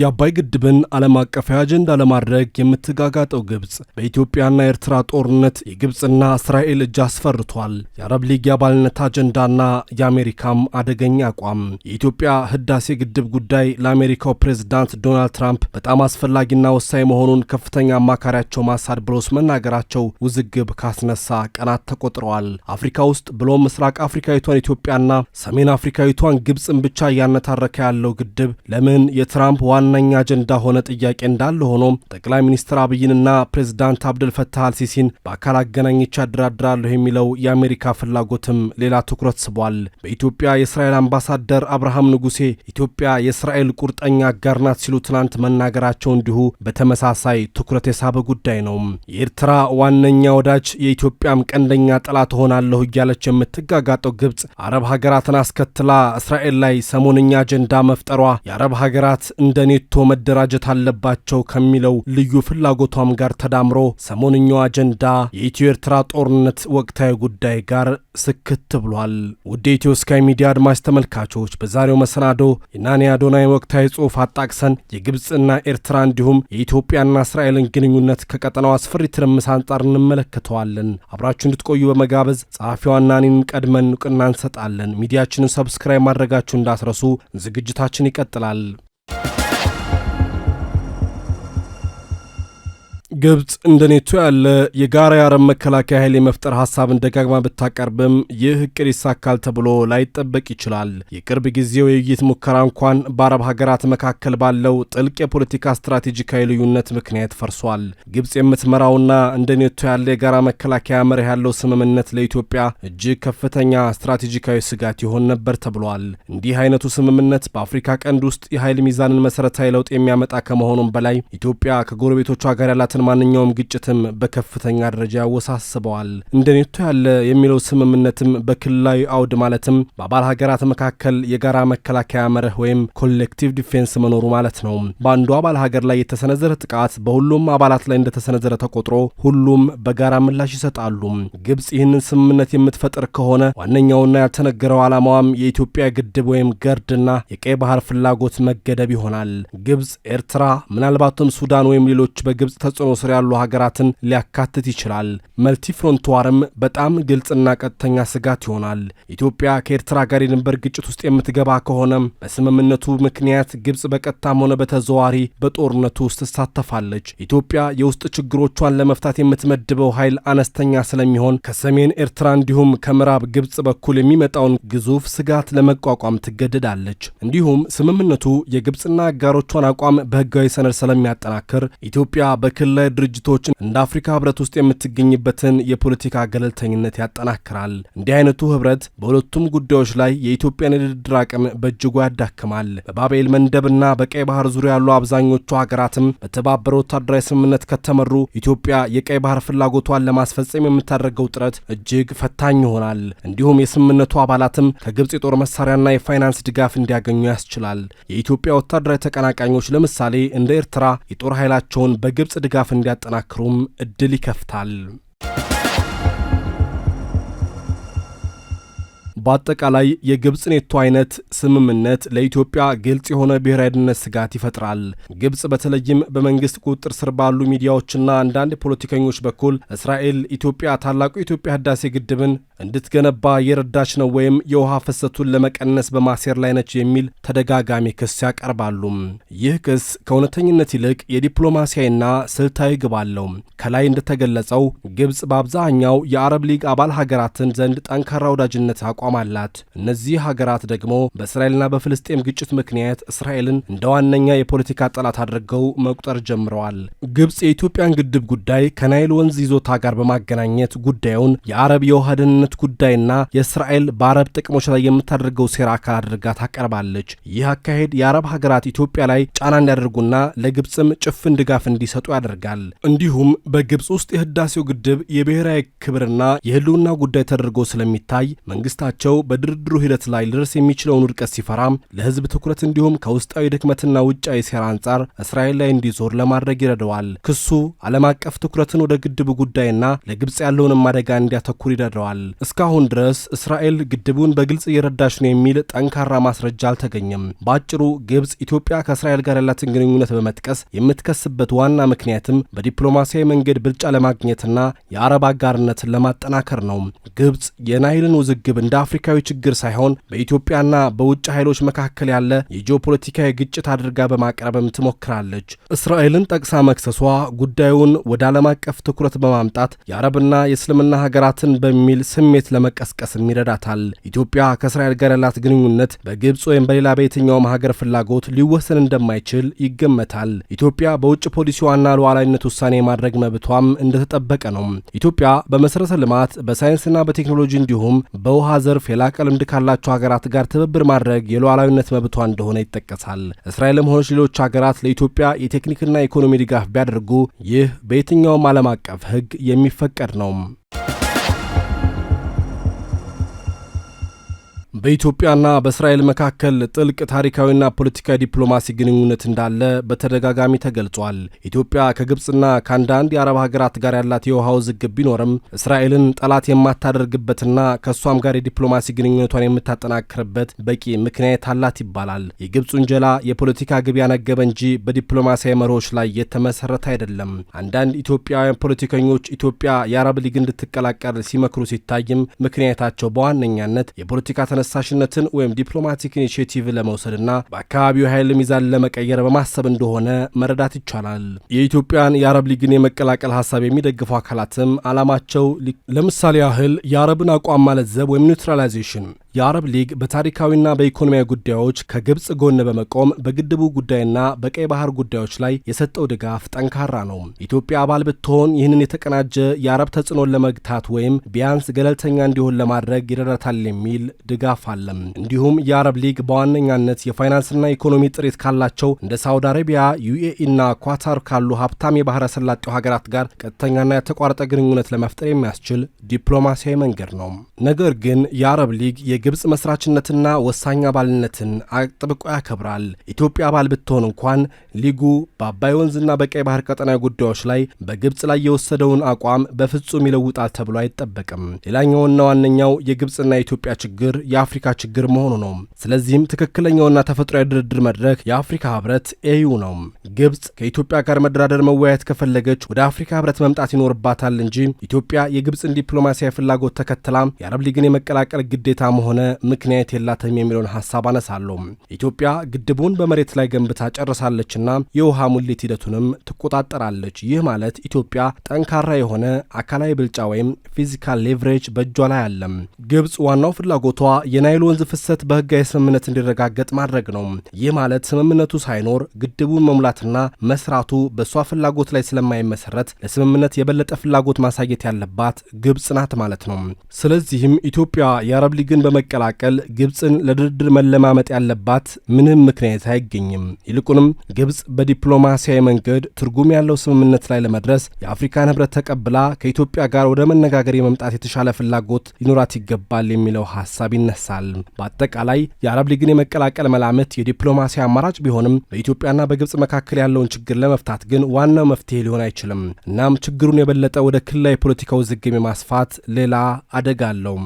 የአባይ ግድብን ዓለም አቀፋዊ አጀንዳ ለማድረግ የምትጋጋጠው ግብፅ በኢትዮጵያና ኤርትራ ጦርነት የግብፅና እስራኤል እጅ አስፈርቷል። የአረብ ሊግ የአባልነት አጀንዳና የአሜሪካም አደገኛ አቋም። የኢትዮጵያ ህዳሴ ግድብ ጉዳይ ለአሜሪካው ፕሬዝዳንት ዶናልድ ትራምፕ በጣም አስፈላጊና ወሳኝ መሆኑን ከፍተኛ አማካሪያቸው ማሳድ ብሎስ መናገራቸው ውዝግብ ካስነሳ ቀናት ተቆጥረዋል። አፍሪካ ውስጥ ብሎም ምስራቅ አፍሪካዊቷን ኢትዮጵያና ሰሜን አፍሪካዊቷን ግብፅን ብቻ እያነታረከ ያለው ግድብ ለምን የትራምፕ ዋነኛ አጀንዳ ሆነ ጥያቄ እንዳለ ሆኖ ጠቅላይ ሚኒስትር አብይንና ፕሬዚዳንት አብደል ፈታህ አልሲሲን በአካል አገናኝቻ አደራድራለሁ የሚለው የአሜሪካ ፍላጎትም ሌላ ትኩረት ስቧል። በኢትዮጵያ የእስራኤል አምባሳደር አብርሃም ንጉሴ ኢትዮጵያ የእስራኤል ቁርጠኛ አጋር ናት ሲሉ ትናንት መናገራቸው እንዲሁ በተመሳሳይ ትኩረት የሳበ ጉዳይ ነው። የኤርትራ ዋነኛ ወዳጅ የኢትዮጵያም ቀንደኛ ጠላት ሆናለሁ እያለች የምትጋጋጠው ግብጽ አረብ ሀገራትን አስከትላ እስራኤል ላይ ሰሞንኛ አጀንዳ መፍጠሯ የአረብ ሀገራት እንደ በኔቶ መደራጀት አለባቸው ከሚለው ልዩ ፍላጎቷም ጋር ተዳምሮ ሰሞንኛው አጀንዳ የኢትዮ ኤርትራ ጦርነት ወቅታዊ ጉዳይ ጋር ስክት ብሏል። ውድ ኢትዮ ስካይ ሚዲያ አድማጭ ተመልካቾች በዛሬው መሰናዶ የናኒ አዶናይ ወቅታዊ ጽሑፍ አጣቅሰን የግብፅና ኤርትራ እንዲሁም የኢትዮጵያና እስራኤልን ግንኙነት ከቀጠናው አስፈሪ ትርምስ አንጻር እንመለከተዋለን። አብራችሁ እንድትቆዩ በመጋበዝ ጸሐፊዋ ናኒን ቀድመን እውቅና እንሰጣለን። ሚዲያችንን ሰብስክራይብ ማድረጋችሁ እንዳትረሱ። ዝግጅታችን ይቀጥላል። ግብፅ እንደ ኔቶ ያለ የጋራ የአረብ መከላከያ ኃይል የመፍጠር ሀሳብን ደጋግማ ብታቀርብም ይህ እቅድ ይሳካል ተብሎ ላይጠበቅ ይችላል። የቅርብ ጊዜው የውይይት ሙከራ እንኳን በአረብ ሀገራት መካከል ባለው ጥልቅ የፖለቲካ ስትራቴጂካዊ ልዩነት ምክንያት ፈርሷል። ግብፅ የምትመራውና እንደ ኔቶ ያለ የጋራ መከላከያ መርህ ያለው ስምምነት ለኢትዮጵያ እጅግ ከፍተኛ ስትራቴጂካዊ ስጋት ይሆን ነበር ተብሏል። እንዲህ አይነቱ ስምምነት በአፍሪካ ቀንድ ውስጥ የኃይል ሚዛንን መሰረታዊ ለውጥ የሚያመጣ ከመሆኑም በላይ ኢትዮጵያ ከጎረቤቶቿ ጋር ያላትን ማንኛውም ግጭትም በከፍተኛ ደረጃ ወሳስበዋል። እንደ ኔቶ ያለ የሚለው ስምምነትም በክልላዊ አውድ ማለትም በአባል ሀገራት መካከል የጋራ መከላከያ መርህ ወይም ኮሌክቲቭ ዲፌንስ መኖሩ ማለት ነው። በአንዱ አባል ሀገር ላይ የተሰነዘረ ጥቃት በሁሉም አባላት ላይ እንደተሰነዘረ ተቆጥሮ ሁሉም በጋራ ምላሽ ይሰጣሉ። ግብጽ ይህንን ስምምነት የምትፈጥር ከሆነ ዋነኛውና ያልተነገረው ዓላማዋም የኢትዮጵያ ግድብ ወይም ገርድና የቀይ ባህር ፍላጎት መገደብ ይሆናል። ግብጽ፣ ኤርትራ፣ ምናልባትም ሱዳን ወይም ሌሎች በግብጽ ተጽዕኖ ስር ያሉ ሀገራትን ሊያካትት ይችላል። መልቲ ዋርም በጣም ግልጽና ቀጥተኛ ስጋት ይሆናል። ኢትዮጵያ ከኤርትራ ጋር የድንበር ግጭት ውስጥ የምትገባ ከሆነም በስምምነቱ ምክንያት ግብጽ በቀጥታም ሆነ በተዘዋሪ በጦርነቱ ውስጥ ትሳተፋለች። ኢትዮጵያ የውስጥ ችግሮቿን ለመፍታት የምትመድበው ኃይል አነስተኛ ስለሚሆን ከሰሜን ኤርትራ እንዲሁም ከምዕራብ ግብጽ በኩል የሚመጣውን ግዙፍ ስጋት ለመቋቋም ትገደዳለች። እንዲሁም ስምምነቱ የግብጽና አጋሮቿን አቋም በህጋዊ ሰነድ ስለሚያጠናክር ኢትዮጵያ በክልላዊ የህብረት ድርጅቶች እንደ አፍሪካ ህብረት ውስጥ የምትገኝበትን የፖለቲካ ገለልተኝነት ያጠናክራል። እንዲህ አይነቱ ህብረት በሁለቱም ጉዳዮች ላይ የኢትዮጵያን የድርድር አቅም በእጅጉ ያዳክማል። በባቤል መንደብና በቀይ ባህር ዙሪያ ያሉ አብዛኞቹ ሀገራትም በተባበረ ወታደራዊ ስምምነት ከተመሩ ኢትዮጵያ የቀይ ባህር ፍላጎቷን ለማስፈጸም የምታደርገው ጥረት እጅግ ፈታኝ ይሆናል። እንዲሁም የስምምነቱ አባላትም ከግብፅ የጦር መሳሪያና የፋይናንስ ድጋፍ እንዲያገኙ ያስችላል። የኢትዮጵያ ወታደራዊ ተቀናቃኞች ለምሳሌ እንደ ኤርትራ የጦር ኃይላቸውን በግብፅ ድጋፍ ድጋፍ እንዲያጠናክሩም እድል ይከፍታል። በአጠቃላይ የግብፅ ኔቶ አይነት ስምምነት ለኢትዮጵያ ግልጽ የሆነ ብሔራዊ ደህንነት ስጋት ይፈጥራል። ግብፅ በተለይም በመንግስት ቁጥጥር ስር ባሉ ሚዲያዎችና አንዳንድ ፖለቲከኞች በኩል እስራኤል ኢትዮጵያ ታላቁ የኢትዮጵያ ህዳሴ ግድብን እንድትገነባ የረዳች ነው ወይም የውሃ ፍሰቱን ለመቀነስ በማሴር ላይ ነች የሚል ተደጋጋሚ ክስ ያቀርባሉ። ይህ ክስ ከእውነተኝነት ይልቅ የዲፕሎማሲያዊና ስልታዊ ግብ አለው። ከላይ እንደተገለጸው ግብፅ በአብዛኛው የአረብ ሊግ አባል ሀገራትን ዘንድ ጠንካራ ወዳጅነት አቋም አቋም አላት። እነዚህ ሀገራት ደግሞ በእስራኤልና በፍልስጤም ግጭት ምክንያት እስራኤልን እንደ ዋነኛ የፖለቲካ ጠላት አድርገው መቁጠር ጀምረዋል። ግብፅ የኢትዮጵያን ግድብ ጉዳይ ከናይል ወንዝ ይዞታ ጋር በማገናኘት ጉዳዩን የአረብ የውሃ ደህንነት ጉዳይና የእስራኤል በአረብ ጥቅሞች ላይ የምታደርገው ሴራ አካል አድርጋ ታቀርባለች። ይህ አካሄድ የአረብ ሀገራት ኢትዮጵያ ላይ ጫና እንዲያደርጉና ለግብፅም ጭፍን ድጋፍ እንዲሰጡ ያደርጋል። እንዲሁም በግብፅ ውስጥ የህዳሴው ግድብ የብሔራዊ ክብርና የህልውና ጉዳይ ተደርጎ ስለሚታይ መንግስታቸው ፓርቲያቸው በድርድሩ ሂደት ላይ ሊደርስ የሚችለውን ውድቀት ሲፈራም ለህዝብ ትኩረት እንዲሁም ከውስጣዊ ድክመትና ውጫዊ ሴራ አንጻር እስራኤል ላይ እንዲዞር ለማድረግ ይረዳዋል። ክሱ ዓለም አቀፍ ትኩረትን ወደ ግድቡ ጉዳይና ለግብፅ ያለውንም አደጋ እንዲያተኩር ይረደዋል። እስካሁን ድረስ እስራኤል ግድቡን በግልጽ እየረዳች ነው የሚል ጠንካራ ማስረጃ አልተገኘም። በአጭሩ ግብፅ ኢትዮጵያ ከእስራኤል ጋር ያላትን ግንኙነት በመጥቀስ የምትከስበት ዋና ምክንያትም በዲፕሎማሲያዊ መንገድ ብልጫ ለማግኘትና የአረብ አጋርነትን ለማጠናከር ነው። ግብፅ የናይልን ውዝግብ እንዳ አፍሪካዊ ችግር ሳይሆን በኢትዮጵያና በውጭ ኃይሎች መካከል ያለ የጂኦፖለቲካዊ ግጭት አድርጋ በማቅረብም ትሞክራለች። እስራኤልን ጠቅሳ መክሰሷ ጉዳዩን ወደ ዓለም አቀፍ ትኩረት በማምጣት የአረብና የእስልምና ሀገራትን በሚል ስሜት ለመቀስቀስም ይረዳታል። ኢትዮጵያ ከእስራኤል ጋር ያላት ግንኙነት በግብፅ ወይም በሌላ በየትኛውም ሀገር ፍላጎት ሊወሰን እንደማይችል ይገመታል። ኢትዮጵያ በውጭ ፖሊሲዋና ሉዓላዊነት ውሳኔ የማድረግ መብቷም እንደተጠበቀ ነው። ኢትዮጵያ በመሠረተ ልማት፣ በሳይንስና በቴክኖሎጂ እንዲሁም በውሃ ዘርፍ ዘርፍ የላቀ ልምድ ካላቸው ሀገራት ጋር ትብብር ማድረግ የሉዓላዊነት መብቷ እንደሆነ ይጠቀሳል። እስራኤልም ሆነች ሌሎች ሀገራት ለኢትዮጵያ የቴክኒክና ኢኮኖሚ ድጋፍ ቢያደርጉ ይህ በየትኛውም ዓለም አቀፍ ሕግ የሚፈቀድ ነው። በኢትዮጵያና በእስራኤል መካከል ጥልቅ ታሪካዊና ፖለቲካዊ ዲፕሎማሲ ግንኙነት እንዳለ በተደጋጋሚ ተገልጿል። ኢትዮጵያ ከግብፅና ከአንዳንድ የአረብ ሀገራት ጋር ያላት የውሃ ውዝግብ ቢኖርም እስራኤልን ጠላት የማታደርግበትና ከእሷም ጋር የዲፕሎማሲ ግንኙነቷን የምታጠናክርበት በቂ ምክንያት አላት ይባላል። የግብፅ ውንጀላ የፖለቲካ ግብ ያነገበ እንጂ በዲፕሎማሲያዊ መርሆች ላይ የተመሰረተ አይደለም። አንዳንድ ኢትዮጵያውያን ፖለቲከኞች ኢትዮጵያ የአረብ ሊግ እንድትቀላቀል ሲመክሩ ሲታይም ምክንያታቸው በዋነኛነት የፖለቲካ ተነሳሽነትን ወይም ዲፕሎማቲክ ኢኒሽቲቭ ለመውሰድና በአካባቢው ኃይል ሚዛን ለመቀየር በማሰብ እንደሆነ መረዳት ይቻላል። የኢትዮጵያን የአረብ ሊግን የመቀላቀል ሀሳብ የሚደግፉ አካላትም አላማቸው ለምሳሌ ያህል የአረብን አቋም ማለት ዘብ ወይም ኒውትራላይዜሽን የአረብ ሊግ በታሪካዊና በኢኮኖሚያዊ ጉዳዮች ከግብፅ ጎን በመቆም በግድቡ ጉዳይና በቀይ ባህር ጉዳዮች ላይ የሰጠው ድጋፍ ጠንካራ ነው። ኢትዮጵያ አባል ብትሆን ይህንን የተቀናጀ የአረብ ተጽዕኖን ለመግታት ወይም ቢያንስ ገለልተኛ እንዲሆን ለማድረግ ይረዳታል የሚል ድጋፍ አለም። እንዲሁም የአረብ ሊግ በዋነኛነት የፋይናንስና ኢኮኖሚ ጥሪት ካላቸው እንደ ሳውዲ አረቢያ፣ ዩኤኢና ኳታር ካሉ ሀብታም የባህረ ሰላጤው ሀገራት ጋር ቀጥተኛና የተቋረጠ ግንኙነት ለመፍጠር የሚያስችል ዲፕሎማሲያዊ መንገድ ነው። ነገር ግን የአረብ ሊግ የግብፅ መስራችነትና ወሳኝ አባልነትን አጥብቆ ያከብራል። ኢትዮጵያ አባል ብትሆን እንኳን ሊጉ በአባይ ወንዝና በቀይ ባህር ቀጠና ጉዳዮች ላይ በግብፅ ላይ የወሰደውን አቋም በፍጹም ይለውጣል ተብሎ አይጠበቅም። ሌላኛውና ዋነኛው የግብፅና የኢትዮጵያ ችግር የአፍሪካ ችግር መሆኑ ነው። ስለዚህም ትክክለኛውና ተፈጥሯዊ ድርድር መድረክ የአፍሪካ ህብረት ኤዩ ነው። ግብጽ ከኢትዮጵያ ጋር መደራደር መወያየት ከፈለገች ወደ አፍሪካ ህብረት መምጣት ይኖርባታል እንጂ ኢትዮጵያ የግብፅን ዲፕሎማሲያዊ ፍላጎት ተከትላ የአረብ ሊግን የመቀላቀል ግዴታም ሆነ ምክንያት የላትም የሚለውን ሀሳብ አነሳለሁ። ኢትዮጵያ ግድቡን በመሬት ላይ ገንብታ ጨርሳለችና የውሃ ሙሌት ሂደቱንም ትቆጣጠራለች። ይህ ማለት ኢትዮጵያ ጠንካራ የሆነ አካላዊ ብልጫ ወይም ፊዚካል ሌቨሬጅ በእጇ ላይ አለም። ግብፅ ዋናው ፍላጎቷ የናይል ወንዝ ፍሰት በህጋዊ ስምምነት እንዲረጋገጥ ማድረግ ነው። ይህ ማለት ስምምነቱ ሳይኖር ግድቡን መሙላት መስራትና መስራቱ በእሷ ፍላጎት ላይ ስለማይመሰረት ለስምምነት የበለጠ ፍላጎት ማሳየት ያለባት ግብጽ ናት ማለት ነው። ስለዚህም ኢትዮጵያ የአረብ ሊግን በመቀላቀል ግብጽን ለድርድር መለማመጥ ያለባት ምንም ምክንያት አይገኝም። ይልቁንም ግብጽ በዲፕሎማሲያዊ መንገድ ትርጉም ያለው ስምምነት ላይ ለመድረስ የአፍሪካን ህብረት ተቀብላ ከኢትዮጵያ ጋር ወደ መነጋገር የመምጣት የተሻለ ፍላጎት ሊኖራት ይገባል የሚለው ሀሳብ ይነሳል። በአጠቃላይ የአረብ ሊግን የመቀላቀል መላምት የዲፕሎማሲ አማራጭ ቢሆንም በኢትዮጵያና በግብጽ መካከል መካከል ያለውን ችግር ለመፍታት ግን ዋናው መፍትሄ ሊሆን አይችልም። እናም ችግሩን የበለጠ ወደ ክልላዊ ፖለቲካ ውዝግም የማስፋት ሌላ አደጋ አለው።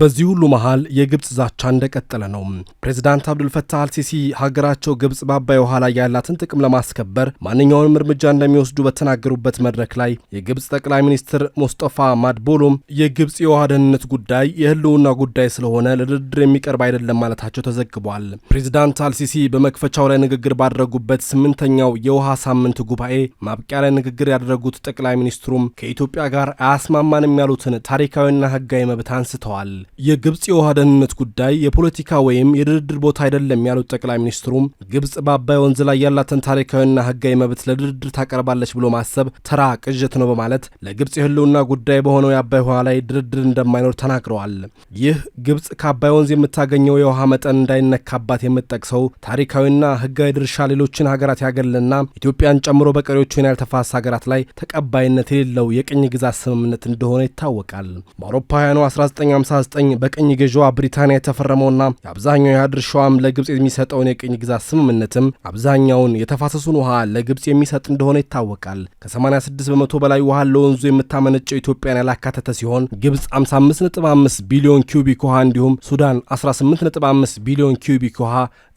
በዚህ ሁሉ መሀል የግብፅ ዛቻ እንደቀጠለ ነው። ፕሬዚዳንት አብዱልፈታህ አልሲሲ ሀገራቸው ግብፅ በአባይ ውሃ ላይ ያላትን ጥቅም ለማስከበር ማንኛውንም እርምጃ እንደሚወስዱ በተናገሩበት መድረክ ላይ የግብፅ ጠቅላይ ሚኒስትር ሞስጠፋ ማድቦሎም የግብፅ የውሃ ደህንነት ጉዳይ የህልውና ጉዳይ ስለሆነ ለድርድር የሚቀርብ አይደለም ማለታቸው ተዘግቧል። ፕሬዚዳንት አልሲሲ በመክፈቻው ላይ ንግግር ባደረጉበት ስምንተኛው የውሃ ሳምንት ጉባኤ ማብቂያ ላይ ንግግር ያደረጉት ጠቅላይ ሚኒስትሩም ከኢትዮጵያ ጋር አያስማማንም ያሉትን ታሪካዊና ህጋዊ መብት አንስተዋል። የግብፅ የውሃ ደህንነት ጉዳይ የፖለቲካ ወይም የድርድር ቦታ አይደለም ያሉት ጠቅላይ ሚኒስትሩም ግብፅ በአባይ ወንዝ ላይ ያላትን ታሪካዊና ህጋዊ መብት ለድርድር ታቀርባለች ብሎ ማሰብ ተራ ቅዠት ነው በማለት ለግብፅ የህልውና ጉዳይ በሆነው የአባይ ውሃ ላይ ድርድር እንደማይኖር ተናግረዋል። ይህ ግብፅ ከአባይ ወንዝ የምታገኘው የውሃ መጠን እንዳይነካባት የምጠቅሰው ታሪካዊና ህጋዊ ድርሻ ሌሎችን ሀገራት ያገልና ኢትዮጵያን ጨምሮ በቀሪዎቹ የናይል ተፋሰስ ሀገራት ላይ ተቀባይነት የሌለው የቅኝ ግዛት ስምምነት እንደሆነ ይታወቃል። በአውሮፓውያኑ 1959 2009 በቅኝ ገዢዋ ብሪታንያ የተፈረመውና የአብዛኛው የውሃ ድርሻዋም ለግብፅ የሚሰጠውን የቅኝ ግዛት ስምምነትም አብዛኛውን የተፋሰሱን ውሃ ለግብፅ የሚሰጥ እንደሆነ ይታወቃል። ከ86 በመቶ በላይ ውሃ ለወንዙ የምታመነጨው ኢትዮጵያን ያላካተተ ሲሆን ግብፅ 55.5 ቢሊዮን ኪዩቢክ ውሃ እንዲሁም ሱዳን 18.5 ቢሊዮን ኪዩቢክ ውሃ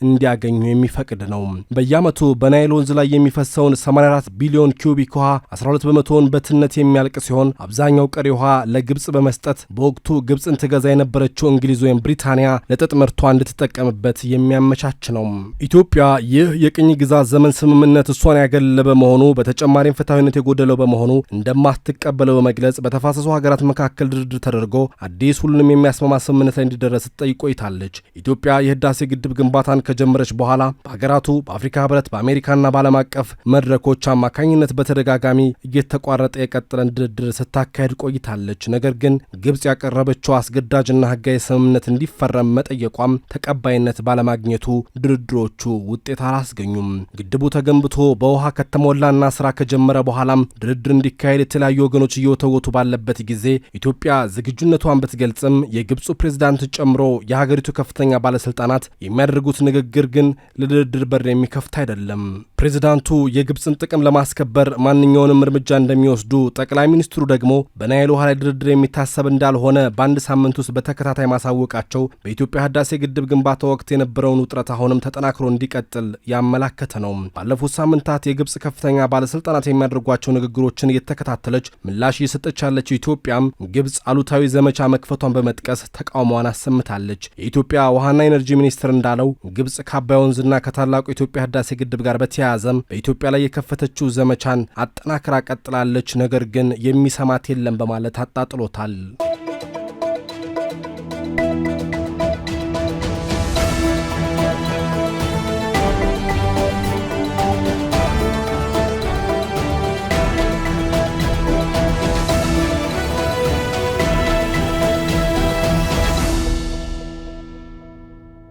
እንዲያገኙ የሚፈቅድ ነው። በየዓመቱ በናይል ወንዝ ላይ የሚፈሰውን 84 ቢሊዮን ኪዩቢክ ውሃ 12 በመቶውን በትነት የሚያልቅ ሲሆን አብዛኛው ቀሪ ውሃ ለግብፅ በመስጠት በወቅቱ ግብፅን ትገዛ ያዛ የነበረችው እንግሊዝ ወይም ብሪታንያ ለጥጥ ምርቷ እንድትጠቀምበት የሚያመቻች ነው። ኢትዮጵያ ይህ የቅኝ ግዛት ዘመን ስምምነት እሷን ያገለለ በመሆኑ በተጨማሪም ፍትሐዊነት የጎደለው በመሆኑ እንደማትቀበለው በመግለጽ በተፋሰሱ ሀገራት መካከል ድርድር ተደርጎ አዲስ ሁሉንም የሚያስማማ ስምምነት ላይ እንዲደረስ ስትጠይቅ ቆይታለች። ኢትዮጵያ የህዳሴ ግድብ ግንባታን ከጀመረች በኋላ በሀገራቱ በአፍሪካ ህብረት፣ በአሜሪካና በዓለም አቀፍ መድረኮች አማካኝነት በተደጋጋሚ እየተቋረጠ የቀጠለን ድርድር ስታካሄድ ቆይታለች። ነገር ግን ግብጽ ያቀረበችው አስገዳ አስገዳጅና ህጋዊ ስምምነት እንዲፈረም መጠየቋም ተቀባይነት ባለማግኘቱ ድርድሮቹ ውጤት አላስገኙም። ግድቡ ተገንብቶ በውሃ ከተሞላና ስራ ከጀመረ በኋላም ድርድር እንዲካሄድ የተለያዩ ወገኖች እየወተወቱ ባለበት ጊዜ ኢትዮጵያ ዝግጁነቷን ብትገልጽም የግብፁ ፕሬዝዳንት ጨምሮ የሀገሪቱ ከፍተኛ ባለስልጣናት የሚያደርጉት ንግግር ግን ለድርድር በር የሚከፍት አይደለም። ፕሬዚዳንቱ የግብፅን ጥቅም ለማስከበር ማንኛውንም እርምጃ እንደሚወስዱ፣ ጠቅላይ ሚኒስትሩ ደግሞ በናይል ውሃ ላይ ድርድር የሚታሰብ እንዳልሆነ በአንድ ሳምንት ውስጥ በተከታታይ ማሳወቃቸው በኢትዮጵያ ህዳሴ ግድብ ግንባታ ወቅት የነበረውን ውጥረት አሁንም ተጠናክሮ እንዲቀጥል ያመላከተ ነው። ባለፉት ሳምንታት የግብፅ ከፍተኛ ባለስልጣናት የሚያደርጓቸው ንግግሮችን እየተከታተለች ምላሽ እየሰጠች ያለችው ኢትዮጵያም ግብፅ አሉታዊ ዘመቻ መክፈቷን በመጥቀስ ተቃውሟን አሰምታለች። የኢትዮጵያ ውሃና ኤነርጂ ሚኒስትር እንዳለው ግብፅ ከአባይ ወንዝና ከታላቁ የኢትዮጵያ ህዳሴ ግድብ ጋር በተያያዘም በኢትዮጵያ ላይ የከፈተችው ዘመቻን አጠናክራ ቀጥላለች፣ ነገር ግን የሚሰማት የለም በማለት አጣጥሎታል።